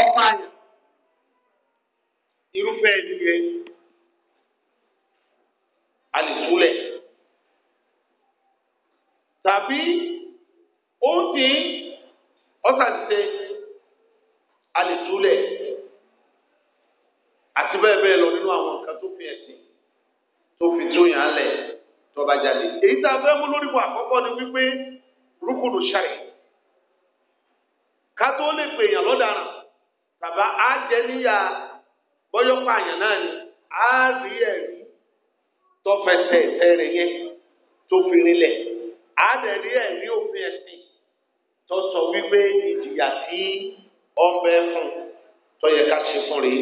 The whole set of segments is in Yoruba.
ọ̀pààyàn irúfẹ́ ẹni yẹn a lè túlẹ̀ tàbí ó ń dín ọ̀sàtìsẹ́ a lè túlẹ̀ àti bẹ́ẹ̀ bẹ́ẹ̀ lọ nínú àwọn nǹkan tó fi ẹ̀sìn tó fi tún yàn án lẹ̀ tọba jáde èyí tá a fẹ́ mú lórí mu àkọ́kọ́ ni wípé rúkúnù ṣàrẹ̀ ká tó lè pè èèyàn lọ́daràn. bàbá á jẹ níyà bọ́yọ́pọ̀ àyàn náà ni á rí ẹ̀rí tọ́fẹsẹ̀ ẹ̀rẹ̀ yẹn tó fi rinlẹ̀ á rí ẹ̀rí òfin ẹ̀sìn tó sọ wípé ìjìyà tí ọmọ ẹ tó yẹ ká ṣe fún rèé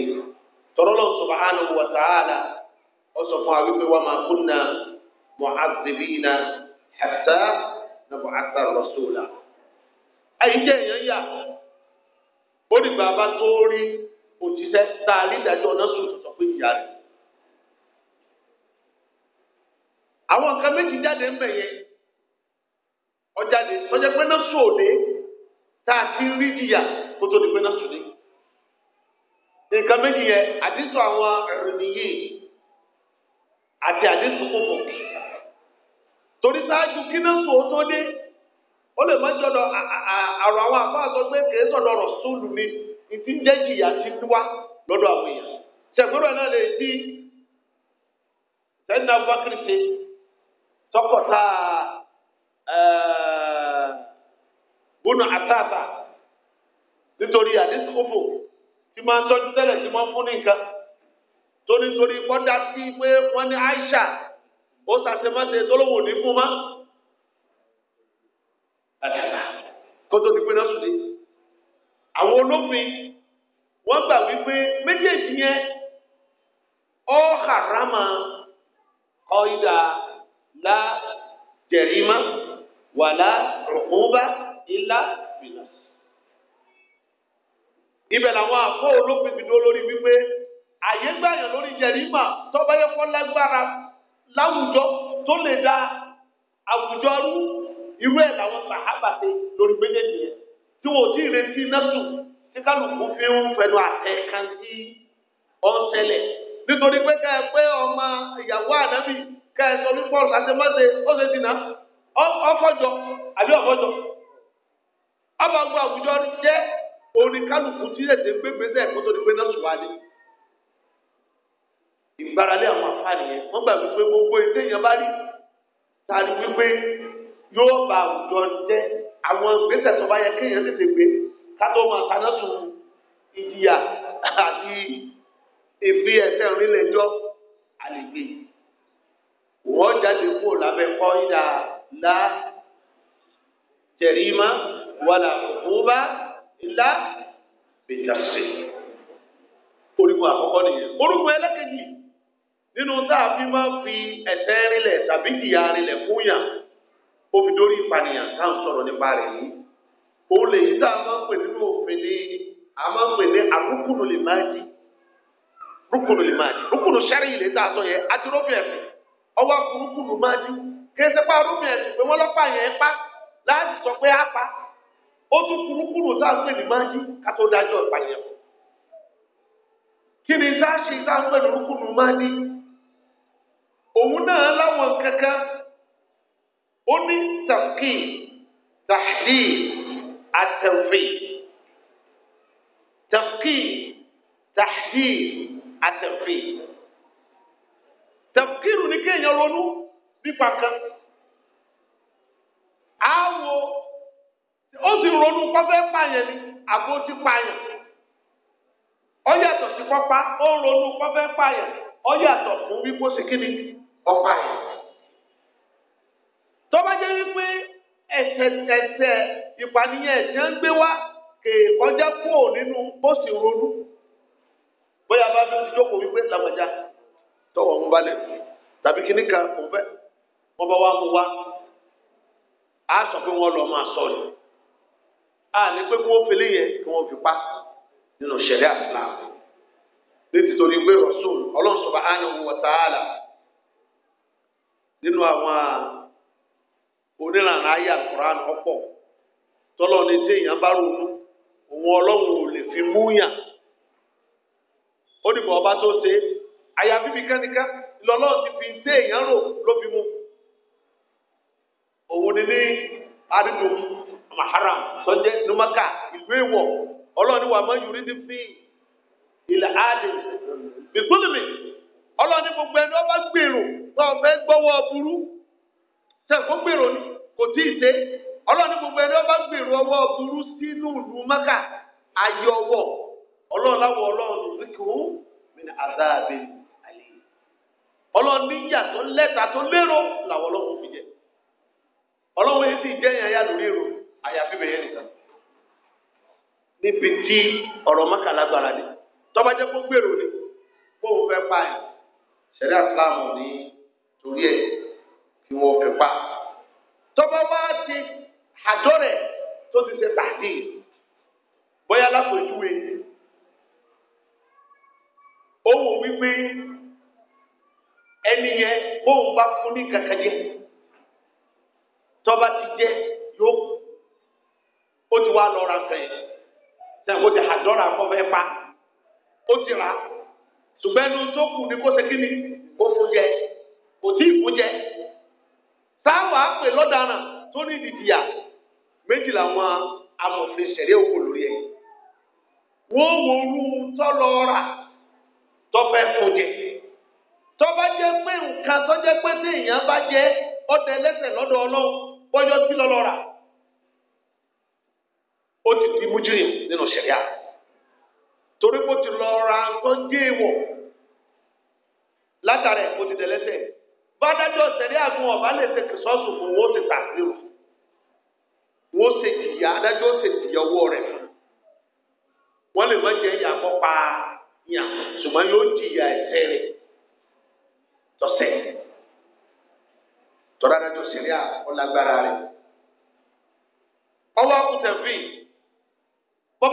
tọ́lọ́lọ́ subhanahu wa ta'ala ó sọ fún ó ní bàbá tó rí òjíṣẹ́ tá a rí ìdájọ́ ọ̀nà sùn sọ pé ìyá rẹ̀. àwọn nǹkan méjì jáde ń bẹ̀ yẹn ọjáde sọjá pé náà sùn òde tá a ti rí tó di pé náà sùn ní. nǹkan méjì yẹn àdísọ àwọn ẹ̀rìnìyí àti torí sáájú kí lè má jọ̀dọ̀ àrọ̀ àwọn àbá àtọ́ pé kèé sọ̀dọ̀ ọ̀rọ̀ sùúlù ni ìdí ń jẹ́ jìyà ti wá lọ́dọ̀ àwọn èèyàn ṣègbọ́dọ̀ náà lè di sẹ́ńdà bákìrì ṣe tọkọta bùnú àtàtà nítorí àdínkùfò tí máa ń tọ́jú tẹ́lẹ̀ tí wọ́n fún ní nǹkan tó nítorí kọ́dá sí pé wọ́n ní Aisha ó sàṣemáṣe tó lóun ò ní fún máa. tó ti pé náà sùn dé àwọn olófin wọ́n gbà wípé méjèèjì yẹn ọ harama ọyìdà la jẹrìmá wàlá rùkúbá ilá bìnà ibẹ̀ làwọn àfọ olófin ti dúró lórí wípé àyè gbàyàn lórí jẹrìmá tọ́báyé fọ́lágbára láwùjọ tó lè da àwùjọ rú. irú ẹ̀ làwọn sàhábà ṣe lórí méjèèjì yẹn tí wọn ò tí ì retí tí kálukú fi ń fẹnu àtẹ kan nítorí pé ká ẹ pé ọmọ ìyàwó ànábì ká ẹ sọ wípé ọ̀sán ṣe ó ṣe dìnnà ọfọjọ àbí ọfọjọ ọmọọgbọ àwùjọ jẹ tí ètè ń gbégbé sẹ kó tó di pé gbogbo yóò bá àwùjọ jẹ́ àwọn ìgbésẹ̀ tó bá yẹ kéèyàn tètè gbé kátó máa tanná sun ìjìyà àti ìfi ẹsẹ̀ rinlẹ̀jọ́ àlègbè. Wọ́n jáde kúrò lábẹ́ kọ́ ìdá lá jẹ̀rìmá wàlà òkúba ńlá bìtàṣe. Orígun àkọ́kọ́ nìyẹn. Orúkọ ẹlẹ́kẹ̀jì nínú tá a fi máa fi ẹsẹ̀ rinlẹ̀ tàbí ìyá rinlẹ̀ fún yàn ó fi dórí ìpànìyàn tá à ń sọ̀rọ̀ nípa rẹ̀ yìí òun lè yí tá a máa ń pè nínú òfin ní a máa ń pè ní arúkùnù lè máa jí rúkùnù lè máa jí rúkùnù sẹ́rí ilé tá a sọ yẹn adúrófin ẹ̀sìn ọwọ́ rúkùnù máa jí kí pa arúfin ẹ̀sìn pé wọ́n lọ́pàá yẹn pa láti sọ pé á pa ó tún kúrúkúrú tá à ń pè ní máa jí ká tó dájọ́ ìpànìyàn fún kí ni tá a ṣe tá à ń pè ní rúkùnù máa jí òun náà láwọn kankan ó ní tàkì tàhí àtẹ̀fì tàkì tàhí àtẹ̀fì tàkìrù ní kéèyàn ronú nípa kan àwọ̀ ó sì ronú pọ́fẹ́ pààyàn ni àbó ti pààyàn ó yàtọ̀ sí pọ́pá ó ronú pọ́fẹ́ pààyàn ó yàtọ̀ fún wípé ó sì kí ni ọ̀pààyàn tó bá jẹ́ wípé ẹ̀ṣẹ̀ ẹ̀ṣẹ̀ ìpànìyàn ẹ̀ṣẹ̀ ń gbé wá kè kọjá kúrò nínú bó sì ronú bóyá bá fi jókòó wípé làwọjá tọwọ́ mú balẹ̀ tàbí kíní kan kò fẹ́ wọ́n bá wá mú wá a sọ pé wọ́n lọ máa sọ ni a ní pé kí wọ́n fi léyẹ kí wọ́n fi pa nínú ṣẹ̀ríà Ìsìlámù nítorí pé Rasul Ọlọ́run Subhanahu wa ta'ala nínú àwọn. onílànà ayé àkùrán ọ̀pọ̀ tọ́lọ́ ní tí èèyàn bá ronú òun ọlọ́run ò lè fi múyàn ó dìbò ọba tó ṣe àyàfi bí kẹ́nikẹ́ ti fi tí èèyàn rò ló fi mú òun ni ní àdìdò maharam numaka ìlú èèwọ̀ ọlọ́run wà máa yùrí ní fi bìtúlùmí gbogbo ẹni ọba gbèrò tó gbọwọ burú. sẹ́kó gbèrò ni kò tí ì dé gbogbo ẹni ọba gbèrò ọwọ́ burú sínú ìlú maka ayé ọwọ́ ọlọ́run láwọ ọlọ́run wíkì ó mìíràn àdáàbẹ̀ àlè ọlọ́run tó lérò làwọn fi jẹ yìí sì jẹ́ yẹn ayá lórí èrò àyàfi bẹ̀yẹ nìkan níbi ni wọ́n fi pa. tọ́ba wá ti àjọ rẹ̀ tó ti ṣe tàdí bóyá lápòjúwe ó wò wípé ẹni yẹn bóun bá fún ní kankan jẹ tọ́ba ti jẹ yóò ó ti wá lọ ra nǹkan yẹn sẹ́yìn kó ti àjọra kọ́ fẹ́ pa ó ti rà ṣùgbọ́n ẹnu tó kù ni kó ṣe kí ni fún jẹ kò tí fún jẹ táwa pè lọ́daràn tó ní ìdìdìyà méjì làwọn amòfin ṣẹ̀rí òkú lórí ẹ̀. wọ́n wo orú tọ́lọ́ra tọ́fẹ́ fún jẹ. tọ́ba jẹ́ pé nǹkan tó jẹ́ pé téèyàn bá jẹ́ ọdẹ lẹ́sẹ̀ lọ́dọ̀ ọlọ́run bọ́jọ́ sí lọ́lọ́ra. ó ti di mújírì nínú ṣẹ̀ríà. torí kó ti lọ ra nǹkan jẹ́ èèwọ̀ látara ẹ̀ kó ti dẹ̀ lẹ́sẹ̀. bádájọ́ tẹ̀lé àgùn ọ̀bá lè ṣe kìsọ́ọ̀sù fún wọn ó ti tàbírù wọn ó ṣe jìyà adájọ́ ó ṣe jìyà wọn lè má jẹ ìyà àkọ́pá yàn ṣùgbọ́n yóò jìyà ẹ̀ṣẹ̀ rẹ̀ tọ́sẹ̀ tọ́lá adájọ́ sẹ̀ríà ọ̀làgbára rẹ̀ ọwọ́ fi wa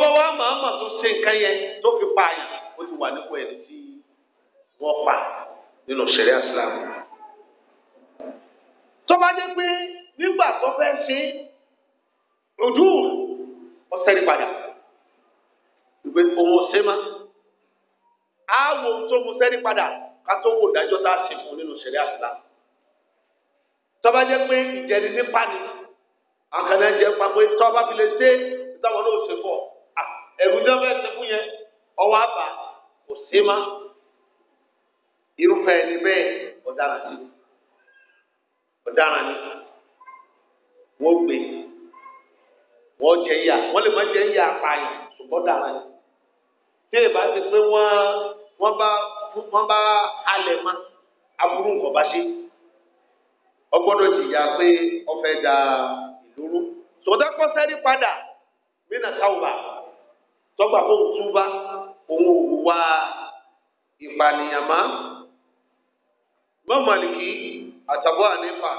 tó ṣe nǹkan yẹn tó fi pa ó ti wà nípò tí wọ́n pa tó bá jẹ́ pé nígbà tó fẹ́ ṣe ojú ọ̀sẹ̀rì padà ìgbé òun ọ̀sẹ̀ má á wo tó mu sẹ́rí padà ká tó wò dájọ́ tá a sì fún nínú ìṣẹ̀lẹ̀ àṣìlá tó bá jẹ́ pé ìjẹni nípa ni àkànnà jẹ́ pàpé tó bá fi lè ṣe ìtàwọn náà ṣe fọ́ ẹ̀rù ní ọbẹ̀ ṣe yẹn ọwọ́ àbá kò sí má irúfẹ́ ẹni bẹ́ẹ̀ ọ̀daràn sí i ọ̀daràn ni wọ́n gbé wọ́n jẹ yà wọ́n lè má jẹ yà apààyàn ṣùgbọ́n ọ̀daràn ni tí èèbá ti pé wọ́n wọ́n bá wọ́n bá halẹ̀ mọ́ aburú nǹkan bá ṣe ọgbọ́dọ̀ jìyà pé ọfẹ́ da ìlúrú sọdọ́kọ́ sẹ́rí padà mínà táwùbà tọ́gbà fún túbá òun òwúwa ìpànìyàn má mọ́mọ́lì kìí àtàbọ̀ ànífà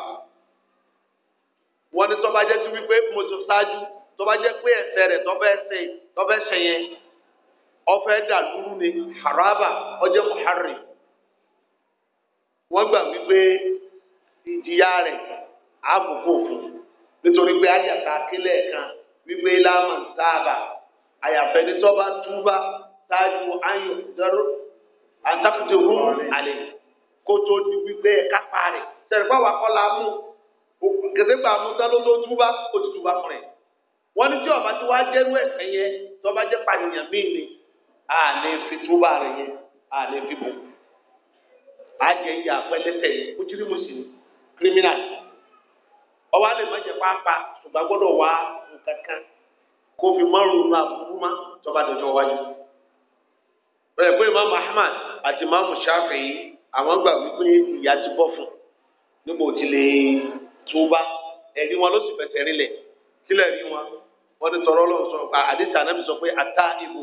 wọ́n ní tọ́ba jẹ́ sí wípé mo ti ṣáájú tọ́ba jẹ́ pé ẹ̀ṣẹ̀ rẹ̀ tọ́fẹ́ ṣe tọ́fẹ́ ṣe yẹn ọfẹ́ dàlúrú ni haraba ọjọ́ muharri wọ́n gbà wípé ìjìyà rẹ̀ àbùkù fún nítorí pé àyàtà kílẹ̀ kan wípé láàmú sáàbà àyàfẹ́ ní tọ́ba túbá ṣáájú ayọ̀ dọ́rọ́ àtàkùtì rúùn àlè kó tó wípé kápá rẹ̀ tẹ̀síkọ́ wa kọ́ la mú kẹsẹ́ gbà mú tán ló ló túbá ó ti túbá fún rẹ̀ wọ́n ní tí ọba tí wàá jẹ́rú ẹ̀sẹ̀ yẹn tí ọba jẹ́ pàdéyàn míì ni a lè fi túbá rẹ̀ yẹn a lè fi bò á jẹ iye àpẹlẹsẹ̀ yẹn ó jírí mo sì ní kírímínà ọba lè má jẹ pápá ṣùgbọ́n gbọ́dọ̀ wá nǹkan kan kó fi márùn-ún àbúrú má tọ́ba dọ̀jọ́ wájú bẹ́ẹ̀ pé imaamu ahmad àti imaamu shafi'i àwọn gbà wípé ìyá ti bọ́ fún un nígbà tí lè túbá ẹ̀rí wọn ló sì fẹsẹ̀ rinlẹ̀ sílẹ̀ rí wọn wọ́n ti tọrọ lọ́wọ́ sọ pé àdìsí ànábì sọ pé àtá ìbò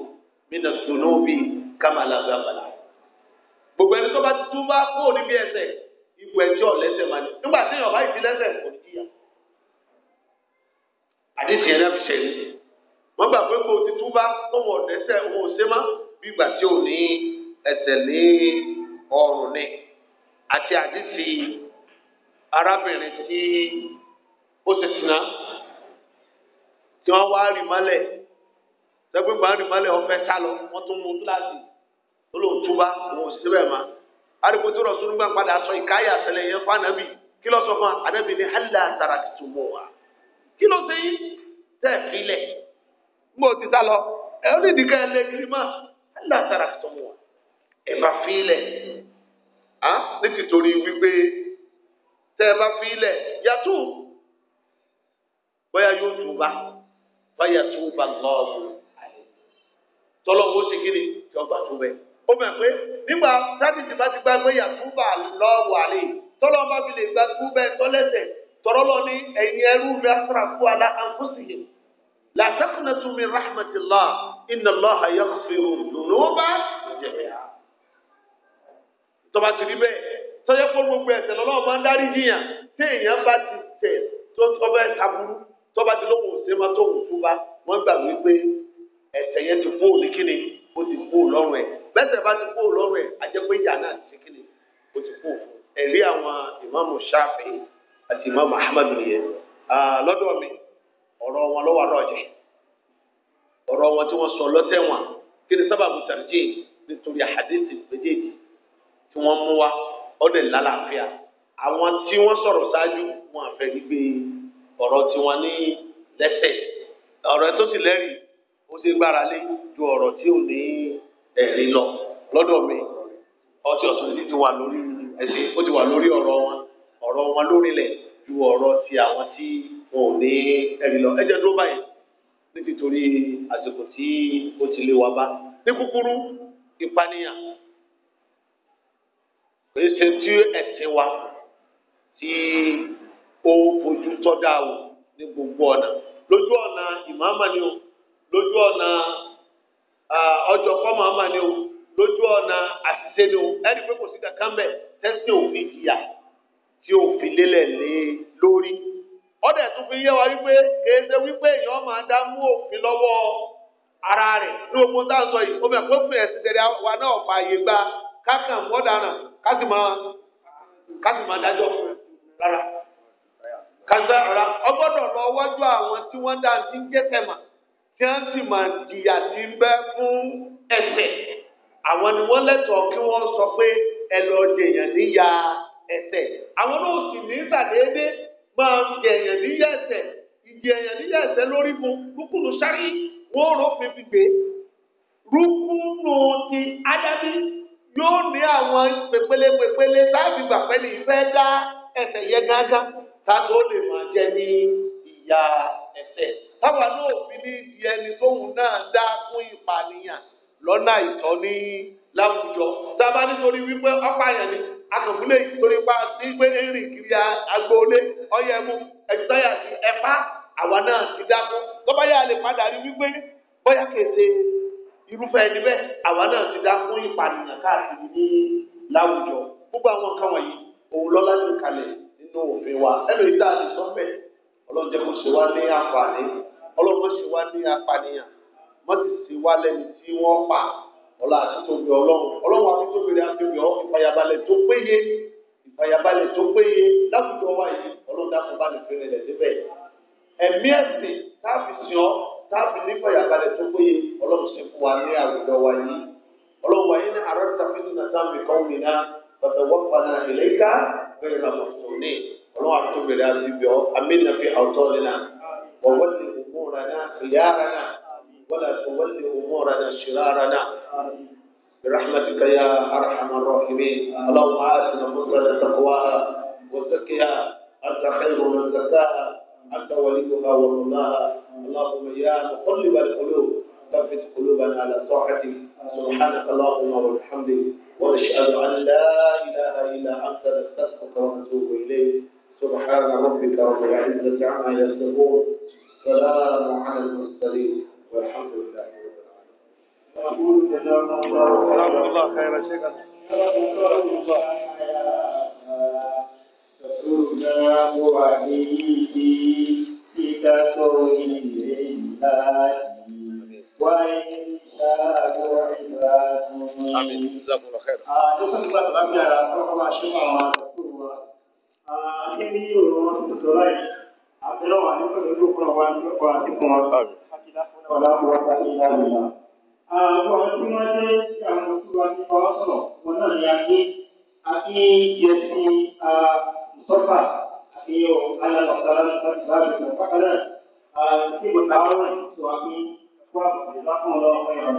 mina sunubi kamala gbàgbàlà gbogbo ẹni tó bá ti túbá kó o níbi ẹsẹ̀ ipò ẹjọ́ lẹ́sẹ̀ máa ní nígbà tí èèyàn bá ìdí lẹ́sẹ̀ kò ní yíyà àdìsí ẹ̀rẹ́ fi ṣẹ̀rí wọ́n gbà pé kò ti túbá kó wọn dẹ́sẹ̀ wọn ò ṣe má bí ìgbà tí ò ní ẹsẹ̀ ní ọrùn ni àti àdìsí arábìnrin tí ó ṣe sinna tí wọ́n wá rì mọ́lẹ̀ sẹ́gbẹ́gbà rì mọ́lẹ̀ ọ̀fẹ́ sá lọ wọ́n tún mú kíláàsì tó lòun túbá òun ò sí síbẹ̀ mọ́ àdìpọ̀ tó rọ̀ sínú gbà padà sọ ìkáyà àtẹlẹ yẹn fún ànábì kí ló sọ fún ànábì ní hàlà àtàràkìtùmọ̀ wa kí ló ṣe yín tẹ̀ fílẹ̀ mo ti sá lọ ẹ̀ ó nídìí ká ẹ lé kiri mọ́ hàlà àtàràkìtùmọ̀ wa ẹ̀ bá fílẹ̀ á ní tìtorí wípé tẹ́ ẹ bá fi ilẹ̀ yàtú bóyá yóò tù bá báyà tù bá lọ́ọ̀bù tọ́lọ́wọ́ sí kí ni tí wọ́n gbà tó bẹ́ẹ̀. ó mọ̀ pé nígbà sádìsì bá ti gbá pé yàtú bá lọ́ọ̀bù àlè tọ́lọ́ bá fi lè gbá kú bẹ́ẹ̀ tọ́lẹ́sẹ̀ tọ́lọ́lọ́ ní ẹ̀yin ẹrú mi asrafu ala anfusihim la taqnatu min rahmatillah inna Allaha yaghfiru dhunuba jami'a. tọ́ba ti rí bẹ́ẹ̀ tọ́jú pé gbogbo ẹ̀ṣẹ̀ lọ́lọ́run máa ń dárí jiyàn tí èèyàn bá ti tẹ̀ tó tọ́bẹ̀ aburú tọ́ba ti lóhùn òsè máa tó hùn fún wa wọ́n gbà wípé ẹ̀ṣẹ̀ yẹn ti fóònù kíni ó ti fóònù lọ́rùn ẹ̀ bẹ́sẹ̀ bá ti fóònù lọ́rùn ẹ̀ àjẹpé ìyá náà ti kíni ó ti fóònù ẹ̀rí àwọn ìmáàmù Ṣáfi'í àti ìmáàmù Ahmadu nìyẹn lọ́dọ̀ mi ọ̀rọ̀ wọn lọ́wọ́ àrọ́jẹ̀ ọ̀rọ̀ wọn tí wọ́n sọ lọ́tẹ̀wọ̀n kí ni sábàbù tàrjíì nítorí àhàdíìsì méjèèjì tí wọ́n mú wa ọdẹ lálàáfíà àwọn tí wọ́n sọ̀rọ̀ ṣáájú wọn àfẹ́ gbígbé ọ̀rọ̀ tiwọn ní lẹ́sẹ̀ ọ̀rọ̀ tó sì lẹ́rìí ó ṣe gbára lé ju ọ̀rọ̀ tí ò ní ẹ̀rí lọ lọ́dọ̀ mi ọtí ọ̀tún ti wà lórí ẹ̀sìn ó ti wà lórí ọ̀rọ̀ wọn ọ̀rọ̀ wọn lórílẹ̀ ju ọ̀rọ̀ ti àwọn tí wọn ò ní ẹ̀rí lọ ẹ̀jẹ̀ dúró báyìí nítorí àsìkò tí ó ti lé wa bá ní kúkúrú ìpànìyàn èsè tí ẹ̀sìn wa tí ó fojú tọ́jà o ní gbogbo ọ̀nà lójú ni o lójú ọ̀nà ọjọ́ kọ́màmà ni o lójú ọ̀nà àṣìṣe ni o ẹni pé kò sí kankan bẹ́ẹ̀ tẹ́sí òfin ìyà tí òfin lélẹ̀ lé lórí ọ̀dẹ̀ tún fi yé wa wípé kèé wípé èèyàn máa dá mú òfin lọ́wọ́ ara rẹ̀ ní ogun tá sọ yìí ẹ̀sìn tẹ̀lé wa náà fààyè gba mọ́dàrán kásì adájọ́ kásì máa dájọ́ rárá kásì rárá ọgbọ́dọ̀ lọ wájú àwọn tí wọ́n dá sí jẹ́tẹ̀mà tí wọ́n sì máa jìyà sí bẹ́ fún ẹsẹ̀ àwọn ni wọ́n lẹ́tọ̀ọ́ kí wọ́n sọ pé ẹ lọ jẹ̀yàn níyà ẹsẹ̀ àwọn náà sì ní máa jẹ̀yàn níyà níyà lórí mu yóò ní àwọn pépélé pépélé táàbì gbàgbẹ́ ní ìfẹ́ dá ẹsẹ̀ yẹn gángan táàbì ó lè máa jẹ ní ìyá ẹsẹ̀ táwa náà fi ní di ẹni tóun náà dá fún ìpànìyàn lọ́nà ìtọ́ ní láwùjọ dábàá nítorí wípé ọ̀pààyàn ni akọ̀múlẹ̀ ìtorí pa sí pé rìn kiri agboolé ọ̀yẹ̀mú ẹ̀jútáyà sí ẹ̀pá àwa náà ti dákú tọ́báyà lè padà rí wípé bóyá kèsè irúfẹ́ ẹni bẹ́ẹ̀ àwa náà ti dá fún ìpànìyàn káàkiri ní láwùjọ gbogbo àwọn nǹkan wọ̀nyí òun lọ́lá ní kalẹ̀ nínú òfin wa ẹnu ìdá àti sọ́fẹ̀ ọlọ́jẹ́ kò ṣe wá ní àǹfààní ọlọ́mọ ṣe wá ní apànìyàn wọ́n ti ṣe wá lẹ́nu tí wọ́n pa ọlọ́ àtúntòbí ọlọ́run ọlọ́run àtúntòbìrì àtúntòbí ọ ìfàyàbalẹ̀ tó péye ìfàyàbalẹ̀ tó péye láwùjọ wa yìí ọlọ́run dákun bá nìfẹ́ rẹ̀ lẹ́sẹ̀ bẹ́ẹ̀ ẹ̀mí ẹ̀sìn káàfin sìn ọ́ táàbù nípa ìyàbalẹ̀ tó péye ọlọ́run sì fún wa ní àwùjọ wa yìí ọlọ́run wáyé ní àárọ̀ tàbí nàtà mi kọ́ mi náà bàtà wọ́n padà ìlẹ́ka bẹ́ẹ̀ lọ mọ̀tò ní ọlọ́run àtúbẹ̀rẹ̀ àbíbẹ̀ ọ́ amínà fi àwùjọ nínà wọ́n wọ́n lè mú rana ìyára náà wọ́n lè fún wọ́n lè mú rana ṣìlára náà. برحمتك يا ارحم الراحمين اللهم اعز نفوسنا تقواها وزكها انت خير من زكاها انت وليها ومولاها اللهم يا مقلب القلوب ثبت قلوبنا على طاعتك سبحانك اللهم وبحمدك ونشهد ان لا اله الا انت نستغفرك ونتوب اليك سبحان ربك رب العزه عما يصفون سلام على المرسلين والحمد لله رب العالمين. جزاكم الله خيرا شكرا. رسول الله وحيدي كثر العباد وإن شاءوا عباد آمين جزاكم الله خير. جزاكم الله خير يا رب العالمين. Akíní òun wọn ti sọ láì àbẹ̀rẹ̀ wà nípa ìlú fún ọ̀wá nípa àtìkùn wọn. Akíní àfọ̀nà ọ̀la wọn bá ti yá mi náà. Àwọn tí wọ́n dé sí àwọn tí wọ́n ti bá wọn sọ̀rọ̀ wọn náà ni a gbé. A gbé yẹ sí ìsọ́fà iyo ala masalan asbabu mufakana a ti bu tawon to akin wa la hawla wa la